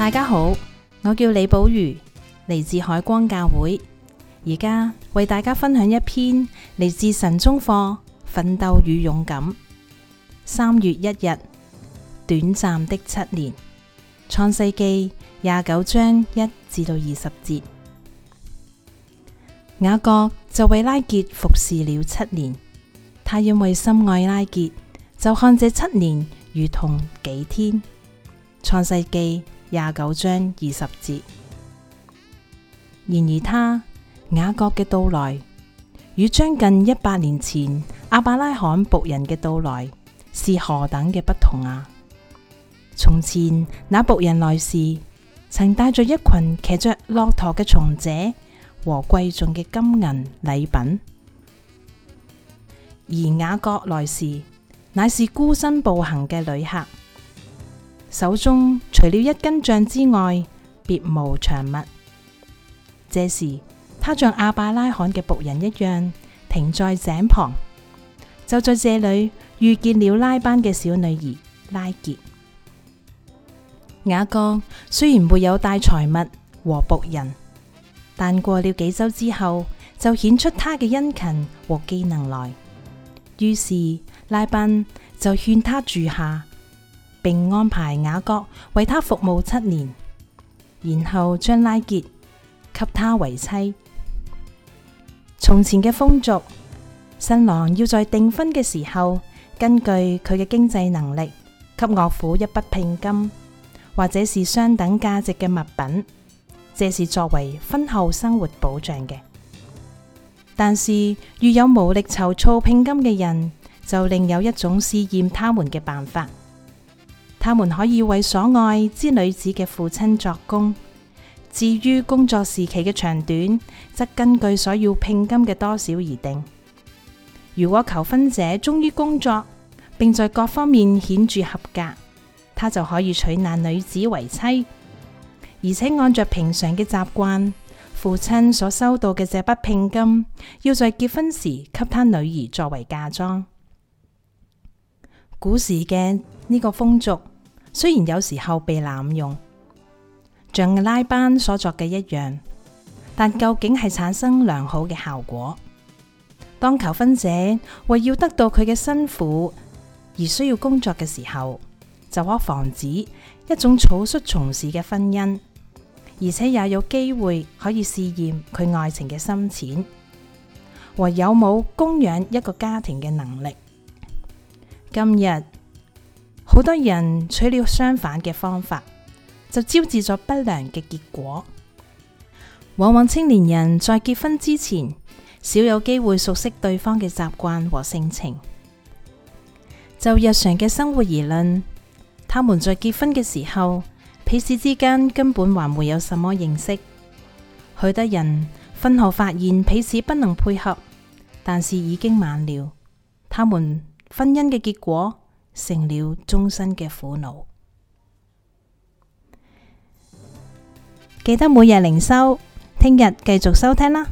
大家好，我叫李寶如，嚟自海光教會。而家為大家分享一篇嚟自神中課《奮鬥與勇敢》三月一日，短暫的七年，創世記廿九章一至到二十節。雅各就為拉結服侍了七年，他因為深愛拉結，就看這七年如同幾天創世記。廿九章二十節。然而他雅各嘅到來，與將近一百年前亞伯拉罕僕人嘅到來，是何等嘅不同啊！從前那僕人來時，曾帶着一群騎着駱駝嘅從者和貴重嘅金銀禮品，而雅各來時，乃是孤身步行嘅旅客。手中除了一根杖之外，別無長物。這時，他像亞伯拉罕嘅僕人一樣，停在井旁。就在這裏，遇見了拉班嘅小女兒拉結。雅各雖然沒有帶財物和僕人，但過了幾周之後，就顯出他嘅殷勤和技能來。於是拉班就勸他住下。並安排雅各為他服務七年，然後將拉結給他為妻。從前嘅風俗，新郎要在訂婚嘅時候，根據佢嘅經濟能力，給岳父一筆聘金，或者是相等價值嘅物品，這是作為婚後生活保障嘅。但是，遇有無力籌措聘金嘅人，就另有一種試驗他們嘅辦法。他們可以為所愛之女子嘅父親作工，至於工作時期嘅長短，則根據所要聘金嘅多少而定。如果求婚者忠於工作，並在各方面顯著合格，他就可以娶那女子為妻，而且按着平常嘅習慣，父親所收到嘅這筆聘金，要在結婚時給他女兒作為嫁妝。古時嘅呢個風俗。雖然有時候被濫用，像拉班所作嘅一樣，但究竟係產生良好嘅效果。當求婚者為要得到佢嘅辛苦而需要工作嘅時候，就可防止一種草率從事嘅婚姻，而且也有機會可以試驗佢愛情嘅深淺，和有冇供養一個家庭嘅能力。今日。好多人取了相反嘅方法，就招致咗不良嘅結果。往往青年人在結婚之前，少有機會熟悉對方嘅習慣和性情。就日常嘅生活而論，他們在結婚嘅時候，彼此之間根本還沒有什麼認識。許多人婚後發現彼此不能配合，但是已經晚了，他們婚姻嘅結果，成了終身嘅苦惱。記得每日靈修，聽日繼續收聽啦。